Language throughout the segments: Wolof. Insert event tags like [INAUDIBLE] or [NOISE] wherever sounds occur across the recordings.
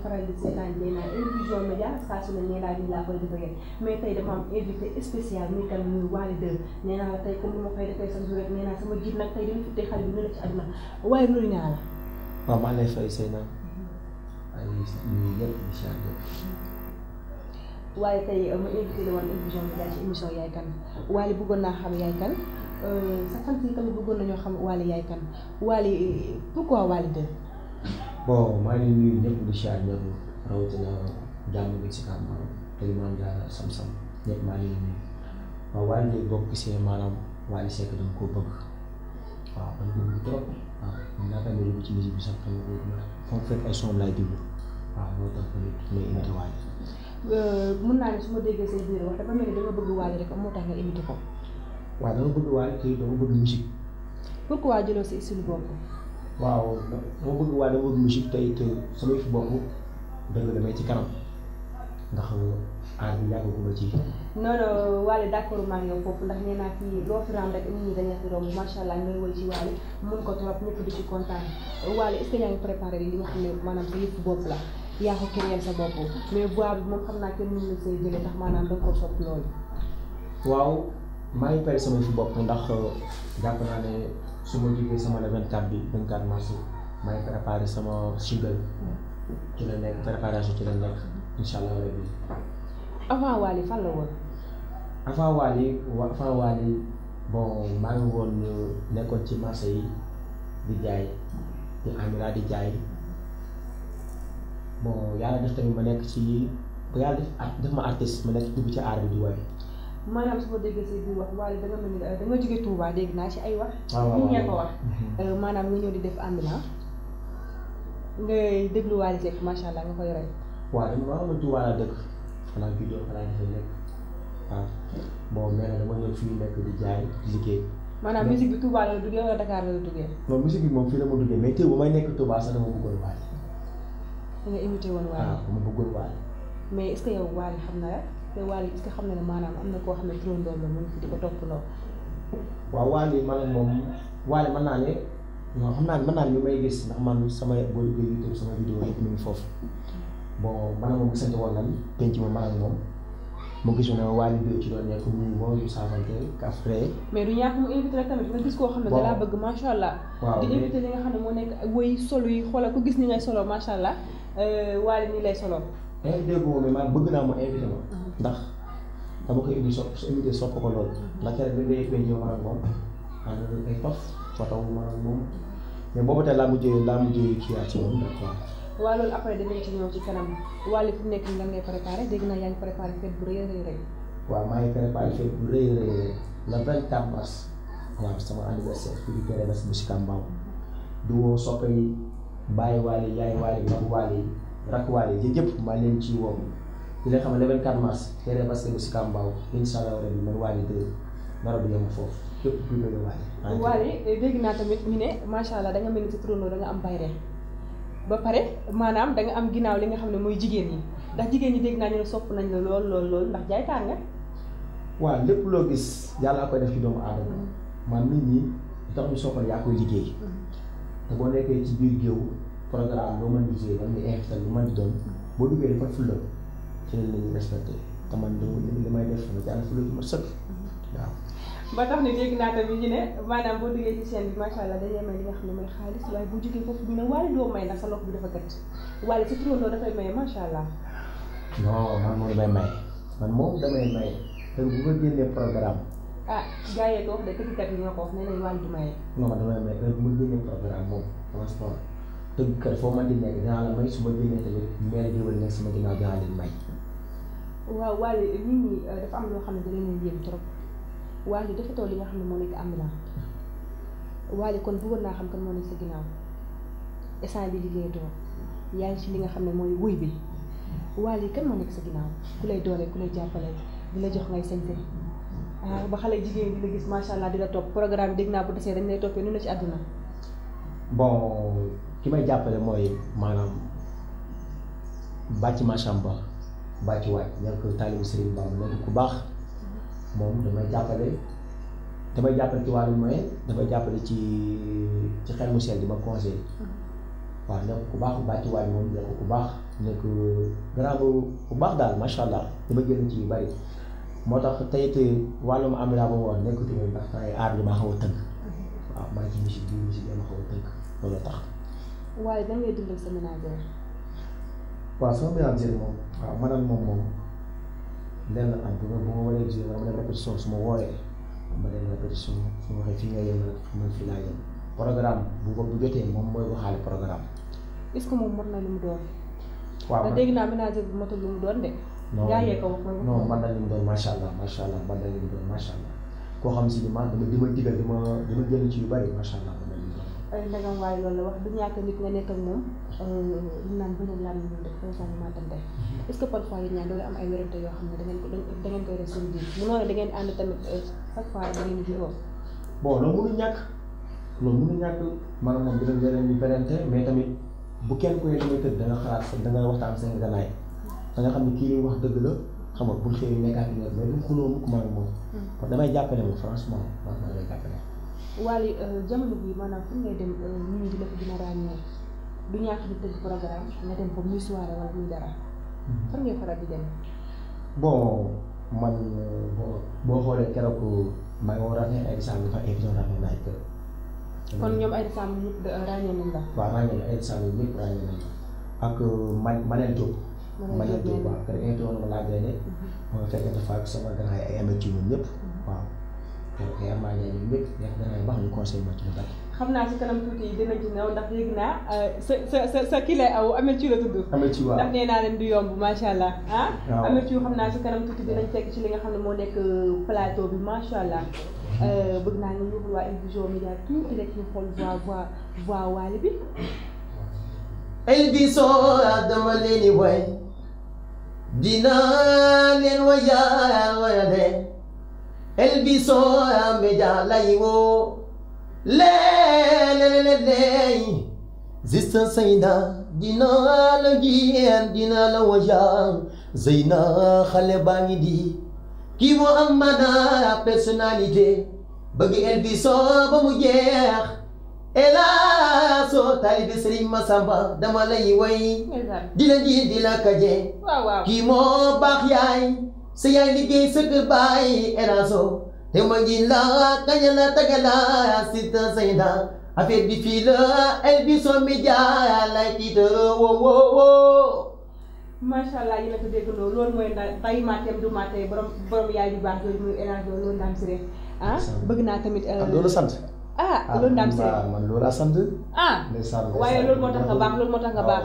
faral di seetaan day naan Elvision Média saa su ne nee naa laa koy defee mais tey dafa am invité spécial muy tam muy Wally 2 nee la tey comme ni ma koy defee sama rek nee naa sama jiit nag tey dañu fittee xale bi nga la ci àdduna waaye nuyu la. waaw maa lay fay waaye tey ma invité woon Elvision Média ci émission yaay kan Wally bëggoon naa xam yaay kan euh, sa fan yi tamit bëggoon nañoo xam Wally yaay kan Wally pourquoi Wally bon maa ngi nuyu ñëpp di si waat ñëpp jàmm bi si kàmbaaw tey maa ngi sam-sam ñëpp maa ngi nuyu waaye nag boo ko gisee maanaam Wally Seck ko dama bëgg trop euh, naa ne ci musique dama bëgg Wally rek moo tax nga imité ko. waaw dama si style boobu. waaw dama bëgg waaye dama bëgg musique tey te sama yëfu bopp dëgg damay ci kanam ndax aar bi yàggaguma ci. non non Wally d'accord maa ngi foofu ndax nee naa fii loo fi ram rek nit ñi dañu fi romb macha allah ngay woy ci Wally mun ko trop ñëpp di ci kontaan Wally est-ce que préparé li nga xam ne maanaam sa yëfu bopp la yaa ko keneen sa bopp mais voix bi moom xam naa kenn mënu la say jëlee ndax maanaam da nga ko soppi loolu. waaw. maa ngi pare sama fi bopp ndax euh, jàpp naa ne su ma jógee sama le 24 bi 24 mars maa ngi préparé sama single ci la nekk préparation ci la nekk incha allah rabbi. avant Wally fan la woon. avant Wally wa bon maa ngi woon euh, nekkoon ci marché yi di jaay di amira di jaay bon yàlla def tamit ma nekk ci yàlla def def ma artiste ma nekk dugg ci aar bi di waay. manam suma ma dégg bi wax waaye da nga mel ni da nga jóge Touba dégg naa ci ay wax. Ah, waaw ñee ko wax. Mhm. Euh, maanaam nga ñëw di def ambulant ngay déglu waale rek macha allah nga koy rey. waaw dama ma xamante Touba la dëkk xanaa juddoo xanaa gisee lépp waaw bon mais dama ñëw fii nekk di jaay liggéey. maanaam musique bi Touba la duggee wala Dakar la duggee. non musique bi moom fii la ma duggee mais teewul bu may nekk Touba sax dama bëggoon waale. nga imité woon waale. Ah, dama bëggoon waale. mais est-ce que yow waale xam na te Waly est-ce que xam na ne maanaam am na koo xam ne turandoo la mu ngi fi di ko toppaloo. waaw Waly man ak moom Waly mën naa ne non xam naa ne mën naa ne ñu may gis man sama booy booy foofu bon moom ma man ak gis ne Waly bi ci doon nekk ñu moo ñu saafante après. mais du ñàkk mu invité rek tamit nga gis koo xam ne. waaw bëgg macha allah. waaw di li nga xam ne moo nekk woy solo yi xoolal ku gis ni ngay solo macha allah euh, Waly nii lay solo. invité gu ma mais man bëgg naa mu invité ma uh-huh. ndax dama ko indi sopp su invité sopp ko loolu uh-huh. ndax keroog bi ngay béy ñëw ma ak moom xam nga ay paf photo ma ak moom mais boobu tey laa mujjee laa mujjee kii at si moom d'accord. waaw loolu après dinañ ci ñëw ci kanam wàllu fu mu nekk nii lan ngay préparé dégg naa yaa ngi préparé fête bu rëy a rëy. waaw maa ngi préparé fête bu rëy a rëy le 24 mars waaw sama anniversaire fii di PDS bu Sicap Mbao du woo soppe yi bàyyi waale yaay waale mag waale yi. rakwale je jep ma len ci wom dina xam le 24 mars tere parce que musika mbaw inshallah rabbi man wali de dara rabbi yam fof kep du do wali wali deg na tamit ñu sha Allah da nga mel ci trono da nga am bayre ba pare manam da nga am ginaaw li nga xamne moy jigen yi ndax jigen yi deg na ñu sopp nañ la lol lol lol ndax jay tar nga wa lepp lo gis yalla ko def ci doomu adama man nit ñi tax ñu soppal ya koy liggéey da bo nekké ci biir geew programme boo mën di joué wala nga invité lu mën di boo duggee dafa fulla ci lañ lañu te man li may def ma boo duggee ci seen bi macha allah dañuy may li nga xam ne mooy xaalis waaye sa loxo bi dafa gàtt waaye sa turandoo programme. ah gars yi de kër gi yi ñoo ko wax nee du maye. non man damay maye heure bu ma génnee programme moom sama sport. tëggkat foo mën di nekk dinaa la may su ma nekk sama ginnaaw may. waaw Wally nit ñi euh, dafa am loo xam ne da leen yéem trop Wally dafa toll li xam ne moo nekk am naa Wally kon bëggoon naa xam kan moo nekk sa ginnaaw instant bi liggéeyatoo yaa ci li nga xam ne mooy wuy bi waal yi kan moo nekk sa ginnaaw ku lay doole ku lay jàppale di la jox ngay sañte ah ba xale jigéen di la gis macha allah di la topp programme dégg naa bu desee dañ lay toppee nu la ci ki may jàppale mooy maanaam bàcc machamba bàcc waay nekk taalibu Serigne Bamba nekk ku baax moom damay jàppale damay jàppale ci wàllu moyen damay jàppale ci ci xel mu sell di ma conseil waaw nekk ku baax bàcc waay moom nekk ku baax nekk grand ku baax daal macha allah dama jël ci yu bari moo tax tey it wàllum am laa ko woon nekkatu ma ndax temps aar bi maa xaw a tënk waaw maa ci musique bi musique bi ma xaw a tënk loolu tax. waaye nan ngay dund ak sa ménagère. waaw sama ménagère moom waaw maanaam moom moom lenn am bu ma waree gis nga dama répétition su ma wooyee ma dem répétition su ma nga yem laa yem programme bu ko bu jotee moom mooy waxaale programme. est-ce que moom man na lu mu doon. waaw man dégg naa ménagère bi matul lu mu doon de. yaa yee ko wax man non man na li mu doon macha allah macha allah man na li mu doon macha allah koo xam si di man dama dama digal dama dama ci yu bari macha allah. ndegam waaye loolu la wax du ñàkk nit nga nekk moom euh, ñu naan bëri mhm. yoo xam ne da ngeen da ngeen koy def seen biir bu noonu da ngeen ànd tamit chaque euh, fois da ngeen juróom. bon loolu mënu ñàkk loolu mënu ñàkk maanaam moom dina jëlee ñu wérante mais tamit bu kenn koy demee tëdd da nga xalaat sax da nga waxtaan kii wax dëgg la. xam nga bul xëy nekkaat mais du xuloo mukk moom. Hmm. damay jàppale moom Waly euh, jamono bi maanaam fu ngay dem euh, nit ñi di la fi gën a ràññee du ñàkk di tëgg programme nga dem fa muy soirée wala muy dara hmm. fan ngay faral di dem. bon man euh, boo xoolee keroog maa ngi woon ràññee ay sàmm yu fa invité woon ràññee naa kër. kon ñoom ay sàmm ñëpp ràññee nañ la. waaw ràññee na man Manel a. fekkee dafa ak sama gànnaay ay amati ñoom ñëpp. nga maa ngi xam naa ci kanam tuuti yi dina ginnaaw ndax yëg naa euh, sa sa sa sa aw amel ci la tudd. amel ci waaw ndax nee naa leen du yomb macha allah. ah amel ci xam naa ci kanam tuuti dinañ fekk ci li nga xam ne moo nekk euh, plateau bi macha allah. Euh, bëgg naa ñu yóbbu waa El Vision Médias tuuti rek ñu xool voix voix voix bi. El Vision leen di way dinaa leen wayal wayale. البسوا مجاليو لا لا لا لا زيستا سينا دينا لجين دينا لوجا زينا خلي باني دي كي مو امانا بيرسوناليتي بغي البسو بمو جيخ ela so taalibi sëriñ Masamba dama lay way di la ji di la kaje kii moo baax yaay sa yaay liggéey sa kër baay eraso te ma ngi la kaña la tagala sita sayna affaire bi fii la El Vision Médias lay tiitara woo woo woo allah yi la ko déggandoo loolu mooy daal bàyyi maateem du maatee borom borom yaay yu baax yooyu muy élargi loolu si rek ah bëgg naa tamit. Euh, loolu sant. ah loolu daam si rek ah, man loolu a sant. ah waaye moo tax nga baax moo tax nga baax.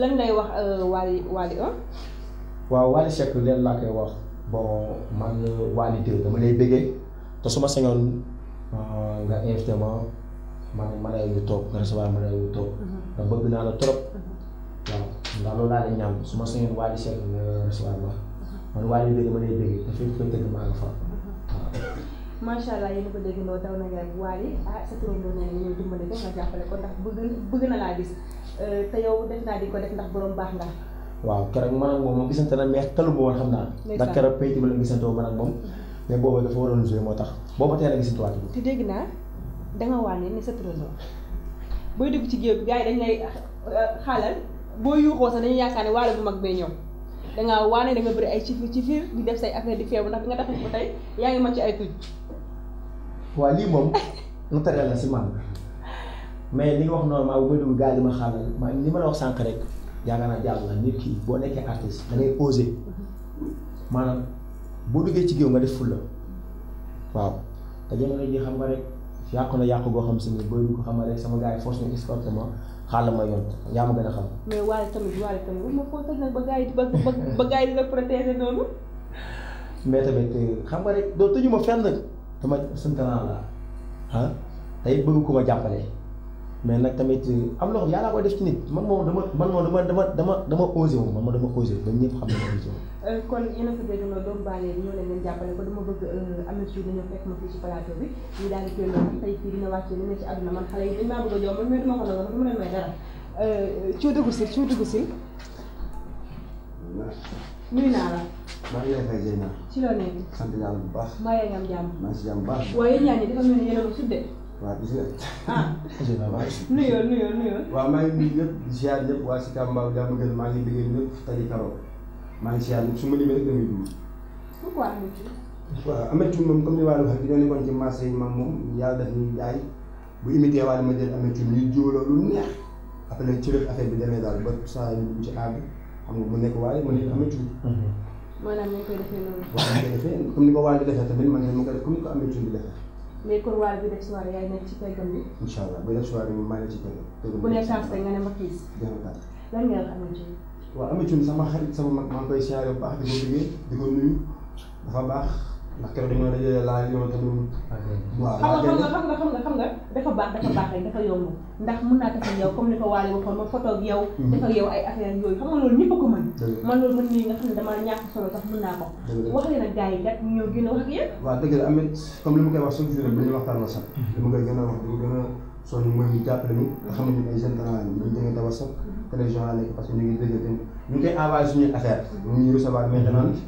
lan ngay wax euh, ah? waaw Wally Seck leen laa koy wax bon man wali Dew dama lay bëggee te su ma sañoon ah, nga invité ma man ma lay wu toog nga recevoir ma lay toog nga mhm. bëgg naa la trop mhm. waaw ndax loolu laa lay ñaan su ma ma mhm. man Wally Dew dama lay bëggee dafay fay tëgg a ko ah, bëgg bëgg na laa gis euh, te yow def naa di ko def ndax borom baax nga. waaw keroog man ak moom moom gisante na mais xelu boobu xam naa. ndax keroog pay bi la gisante woon man ak moom. Mm-hmm. mais boobu dafa waroon joué moo tax boobu teel dégg naa da nga wàññi ne booy dugg ci géew bi gars euh, boo yuuxoo sax dañuy yaakaar ne waalo bu mag bee ñëw da ngaa waane da nga bëri ay cifir def say affaire di feebu ndax bi nga taxaw ko tey yaa ngi mën ci ay tuj. waaw lii moom matériel [LAUGHS] la si man mais li nga wax normalement bu may dugg gars yi di ma xaalal ma li ma la wax sànq rek. yaakaar naa jàll nit ki boo nekkee artiste da ngay osé maanaam boo duggee ci géew nga def fulla waaw te jamono ji xam nga rek yàqu na yàqu boo xam si ne booy ko xam rek sama gars yi force ñu escorté ma xaaral ma xam. mais waale tamit waale tamit bu ba gars ba ba gars yi di la protéger noonu. mais tamit euh, xam nga rek doo tëjuma fenn dama sant naa la ah tey bëgg ku ma jàppale. mais nag tamit am loo yàlla koy def ci nit man moom dama man moom dama dama dama dama osé man dama osé ba ñëpp xam ne euh, kon yéen a ñoo leen jàppale ko dama bëgg euh, dañoo fekk ma ci plateau bi ñu daal di tey fii dina wàccee li ne ci man yi dañ bëgg dama ko dama leen may dara euh, la fay ci loo nekk sant yàlla bu baax maa ngi jàmm maa baax ni waaw gis nga. ah nuyoo nuyoo nuyoo. waaw maa ngi nuyu ñëpp di ziar ñëpp waa Sicap Mbao jàmm gën maa ngi liggéey ñëpp tali karo maa ngi ziar ñëpp su ma limee rek damay dugg. pourquoi Ameth Thiou. waaw Ameth Thiou moom comme ni ma la waxee dañoo nekkoon ci marché yi maam moom yàlla def ñuy jaay bu imité waale ma jël Ameth Thiou ñu jiwloo lu neex après ci la affaire bi demee daal ba saa yu dugg ci aar xam nga mu nekk waale ma nekk Ameth mhm. Thiou. maanaam ñu ngi koy defee noonu. waaw ñu ngi koy defee comme ni ko waale defee tamit man ma ngi koy def comme ni ko Ameth Thiou di defee mais kon waar bi def si waar yaay nekk ci peggam bi. incha allah ba def si waar ci peggam. bu ne chance rek nga ne ma kiis. lan nga wax Amady Thioune. sama xarit sama mag maa ngi koy siyaare baax di ko bëggee di ko nuyu dafa baax. ndax keroog dañoo dajee laaj yow tamit. waaw xam nga dafa baax mhm. a sax mën naa ko. wax leen ak gars yi kat ñoo gën a wax ak yéen. waaw dëgg la amit comme li ma koy wax chaque jour bu ñu waxtaan la sax. li mhm. ma koy gën a wax dañu gën a sonn mooy ñu jàppale ñu nga xam ne ñun ay jeunes talent yi ñu ñu ngi dégg ñu ngi koy envoyé suñuy affaire mhm. ñu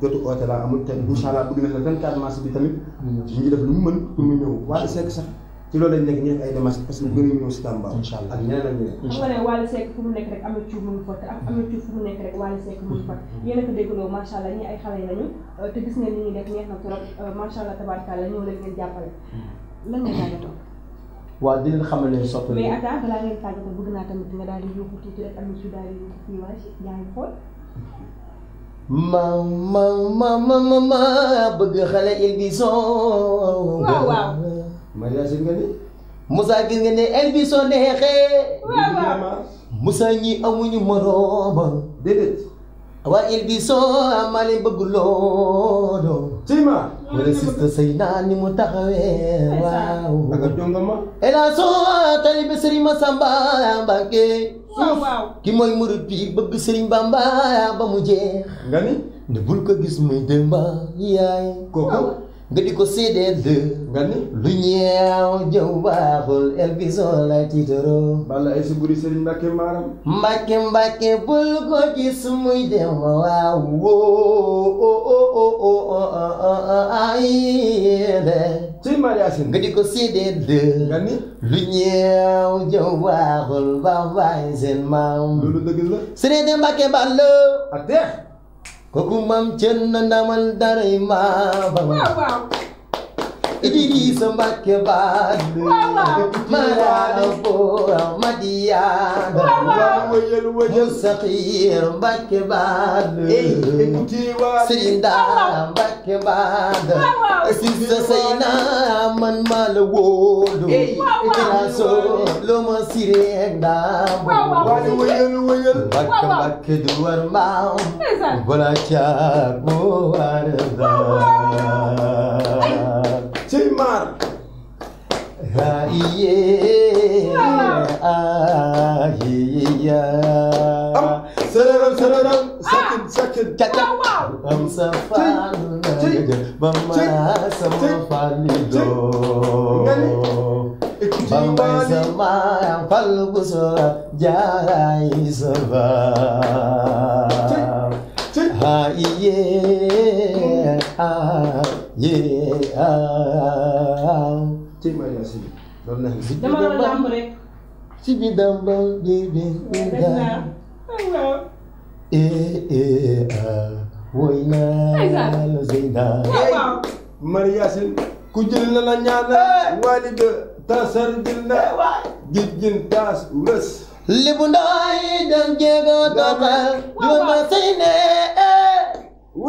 jotu oote laa amul te incha allah bëgg na le 24 mars bi tamit. ñu ngi def lu mu mën pour mu ñëw Wally Seck sax ci loolu lañ nekk ñu ay démarches parce que gën a ñëw si Tamba. incha allah ak ñeneen ak ñeneen. mu nekk rek mu ngi fa te am mu nekk rek Wally Seck mu ngi fa mm-hmm. yéen a ko allah ñii ay xale lañu euh, te gis ngeen ni ñuy def neex na trop euh, macha allah tabaarkalla ñëw leen ngeen jàppale. Mm-hmm. lan nga jàngatoo. waaw di leen xamal leen soppi. mais attends balaa ngeen tàggatoo bëgg naa tamit nga daal di yuuxu tuuti rek ma ma ma ma bëgg xale il bison. waaw waaw. Maria gis nga ni. Moussa gis nga ne el bison neexee. waaw waaw. ñi amuñu moroom. déedéet. waa il bison maa leen bëgg loolu. Cima. wala sista say naa ni mu taxawee waaw. ak a jongo ma. El Hadj Sow talibe waaw waaw ki mooy murid bi bëgg Sëriñ ba mu jeex. nga ni ne bul ko gis muy démba yaay. kooku. nga di ko séedee lu ñeew jëw baaxul El Vision lay tiitaroo bala ay suburi sëriñ Mbàkke maaram Mbàkke Mbàkke bul ko gis muy dem waaw ay de suy mariasin nga di ko séedee de nga ni lu ñeew jëw baaxul ba bàyyi seen maam loolu dëgg la sëriñ de Mbàkke Balla ak deex kooku maam Thierno Ndamal Daaray Maam. waaw waaw. Idrissa Mbacke baal ma daana boora ma diyaana wayal wayal Saxiir Mbacke baal Sëriñ Daara Mbacke baal Sisa Seyna man maa la wóolu itiraasoo loo ma siree du war mbaam bala caag moo war ndaam cey maar haye ahiya sararam sararam sakin ah! sakin caca am safan mama sama falido mama sama falbu sora jarai sora haye ahiya ci bi dambal bi bi nda eh eh ah woy naa la zeyna mariasin ku jël na la ñaana waliga tasar jël na jijjin taas wës libu ndaay dan jéego doxal juróom ba say nee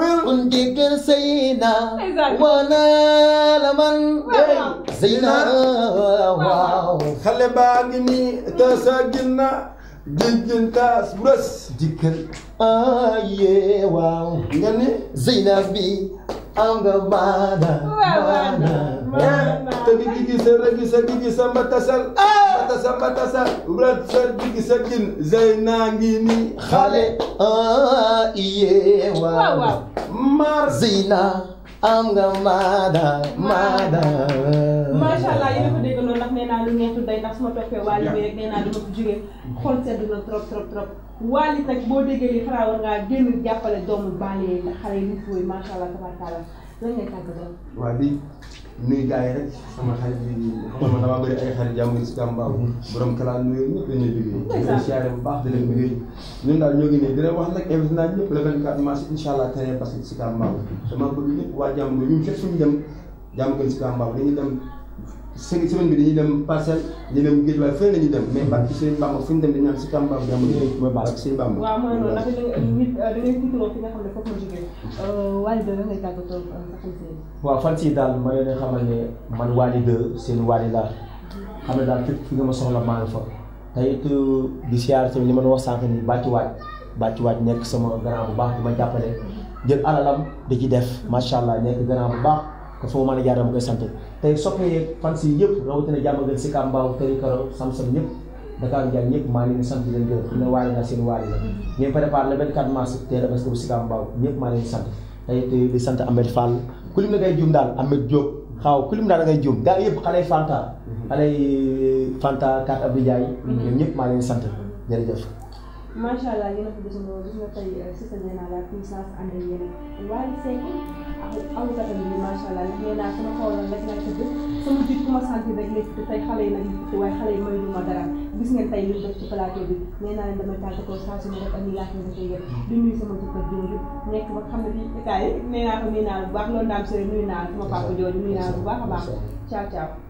undéggal sayna wanaala man sayna waaw xale baa ngi tasa ginna jijjin taas bës jikkal aye ah, waaw nga bi am nga maana maana te bi gi gisal rek gisal gi gisal ma tasal ma tasal ma tasal rat sal gi gisal ngi ni xale ah iye waaw maar am nga maada maada. macha allah yéen a ko dégg loolu ndax nee naa lu neexul day ndax su ma toppee waali bi rek nee naa dama ko jógee xool sedd na trop trop trop waali nag boo déggee li xanaa war ngaa génn jàppale doomu baale yi xale yi nit yooyu macha allah tabaraka allah lan ngay tàggatoo. waaw nuy gars rek sama xarit yi xam dama hmm. bëri ay xarit jàmm si gàmbaaw borom kalaa nuyu ñëpp dañuy liggéey di leen siyaare bu baax di leen liggéey ñun daal ñoo ngi ne di leen wax nag invité naa ñëpp le 24 mars incha allah terrain basket si gàmbaaw dama bëgg ñëpp waa jàmm ñun fépp suñu dem jàmm gën dem semaine bi dañuy dem parcelle ñu dem géej waaye fële la ñuy dem mais barki sëñ si Kamba da xam ne daal ma leen xamal ne man Waly de seen Waly laa xam ne daal fépp fi nga ma soxla maa ngi fa te it euh, di siyaar tamit li ma wax sànq ni bàcci waaj bàcci waaj nekk sama grand bu baax di ma jàppale jël alalam di ci def macha allah nekk grand bu baax kon su a mën a jaaree ma koy sant tey soppe yeeg fans yi yëpp rawatina jàmm gën si Kambaaw Këri Karo Samsam ñëpp Dakar Ndiaye ñëpp maa ngi leen di sant di leen gërëm xam ne waale bu si Kambaaw ñëpp maa ngi leen di sant tey di sant Ahmed da ngay juum gars yëpp sant jërëjëf macha allah yéen a sa la puissance ànd ak yéen Wally Seck lay tëdd sama jiit ku ma sant rek lay tëdd tey xale yi nag ñu tëdd waaye xale yi mayu ma dara gis nga tey luñ def ci plateau bi nee naa leen damay tàggatoo saa su ma def ak ñu laaj nga koy yëpp mm. di nuyu sama jëkkër jooju nekk ba xam ne fii état naa la bu baax loolu daam sëriñ nuyu naa la sama papa jooju nuyu naa la bu baax a baax ciao ciao